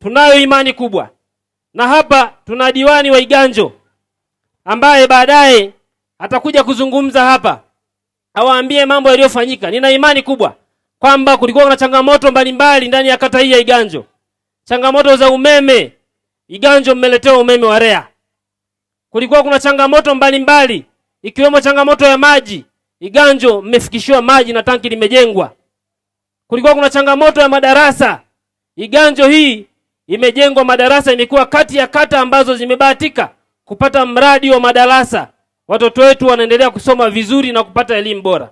tunayo imani kubwa, na hapa tuna diwani wa Iganjo ambaye baadaye atakuja kuzungumza hapa awaambie mambo yaliyofanyika. Nina imani kubwa kwamba kulikuwa kuna changamoto mbalimbali ndani ya kata hii ya Iganjo, changamoto za umeme. Iganjo mmeletewa umeme wa REA. Kulikuwa kuna changamoto mbalimbali mbali, ikiwemo changamoto ya maji. Iganjo mmefikishiwa maji na tanki limejengwa. Kulikuwa kuna changamoto ya madarasa. Iganjo hii imejengwa madarasa, imekuwa kati ya kata ambazo zimebahatika kupata mradi wa madarasa. Watoto wetu wanaendelea kusoma vizuri na kupata elimu bora.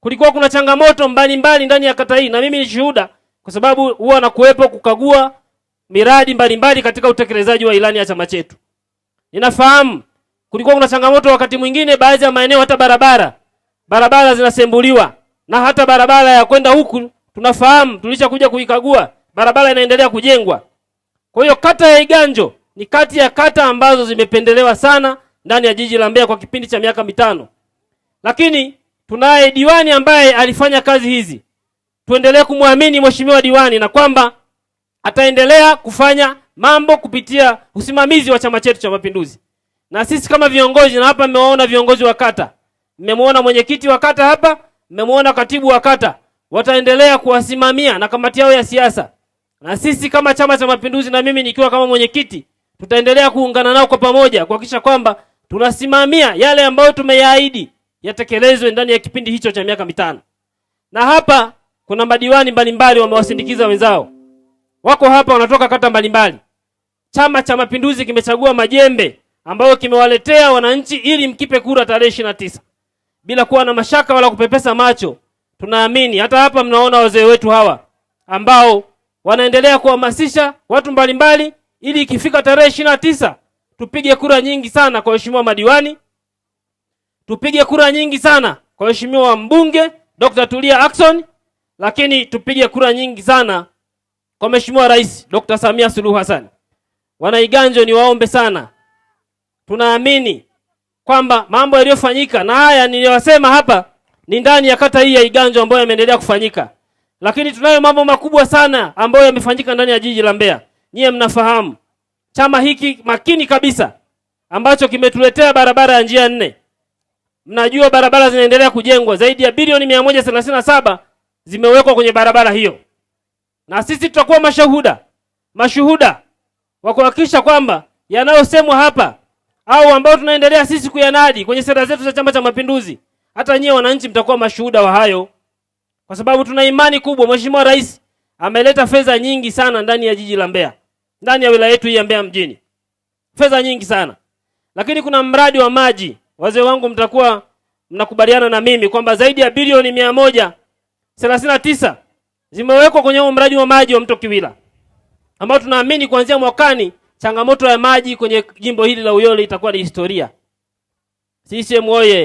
Kulikuwa kuna changamoto mbalimbali mbali ndani ya kata hii, na mimi ni shuhuda, kwa sababu huwa nakuwepo kukagua miradi mbalimbali katika utekelezaji wa ilani ya chama chetu. Ninafahamu kulikuwa kuna changamoto wakati mwingine, baadhi ya maeneo hata barabara barabara zinasembuliwa, na hata barabara ya kwenda huku tunafahamu, tulishakuja kuikagua, barabara inaendelea kujengwa, kwa hiyo kata ya Iganjo ni kati ya kata ambazo zimependelewa sana ndani ya jiji la Mbeya kwa kipindi cha miaka mitano, lakini tunaye diwani ambaye alifanya kazi hizi. Tuendelee kumwamini mheshimiwa diwani na kwamba ataendelea kufanya mambo kupitia usimamizi wa chama chetu cha Mapinduzi, na sisi kama viongozi. Na hapa mmewaona viongozi wa kata, mmemwona mwenyekiti wa kata hapa, mmemwona katibu wa kata, wataendelea kuwasimamia na kamati yao ya siasa na sisi kama Chama cha Mapinduzi na mimi nikiwa kama mwenyekiti, tutaendelea kuungana nao kwa pamoja kuhakikisha kwamba tunasimamia yale ambayo tumeyaahidi yatekelezwe ndani ya kipindi hicho cha miaka mitano. Na hapa kuna madiwani mbalimbali wamewasindikiza wenzao, wako hapa, wanatoka kata mbalimbali. Chama cha Mapinduzi kimechagua majembe ambayo kimewaletea wananchi ili mkipe kura tarehe ishirini na tisa bila kuwa na mashaka wala kupepesa macho. Tunaamini hata hapa mnaona wazee wetu hawa ambao wanaendelea kuhamasisha watu mbalimbali mbali, ili ikifika tarehe ishirini na tisa tupige kura nyingi sana kwa waheshimiwa madiwani, tupige kura nyingi sana kwa waheshimiwa mbunge Dr. Tulia Ackson, lakini tupige kura nyingi sana kwa Mheshimiwa Rais Dr. Samia Suluhu Hassan. Wanaiganjo, ni waombe sana, tunaamini kwamba mambo yaliyofanyika na haya niliyosema hapa ni ndani ya kata hii ya Iganjo ambayo yameendelea kufanyika. Lakini tunayo mambo makubwa sana ambayo yamefanyika ndani ya jiji la Mbeya. Nyiye mnafahamu chama hiki makini kabisa ambacho kimetuletea barabara ya njia nne. Mnajua barabara zinaendelea kujengwa, zaidi ya bilioni saba zimewekwa kwenye barabara hiyo, na sisi tutakuwa mashuhuda, mashuhuda wa kuhakikisha kwamba yanayosemwa hapa au ambayo tunaendelea sisi kuyanadi kwenye sera zetu za Chama cha Mapinduzi, hata nyiwe wananchi mtakuwa mashuhuda wa hayo kwa sababu tuna imani kubwa. Mheshimiwa Rais ameleta fedha nyingi sana ndani ya jiji la Mbeya, ndani ya wilaya yetu hii ya Mbeya mjini, fedha nyingi sana lakini kuna mradi wa maji, wazee wangu, mtakuwa mnakubaliana na mimi kwamba zaidi ya bilioni mia moja thelathini na tisa zimewekwa kwenye huo mradi wa maji wa mto Kiwila ambao tunaamini kuanzia mwakani changamoto ya maji kwenye jimbo hili la Uyole itakuwa ni historia. CCM oye!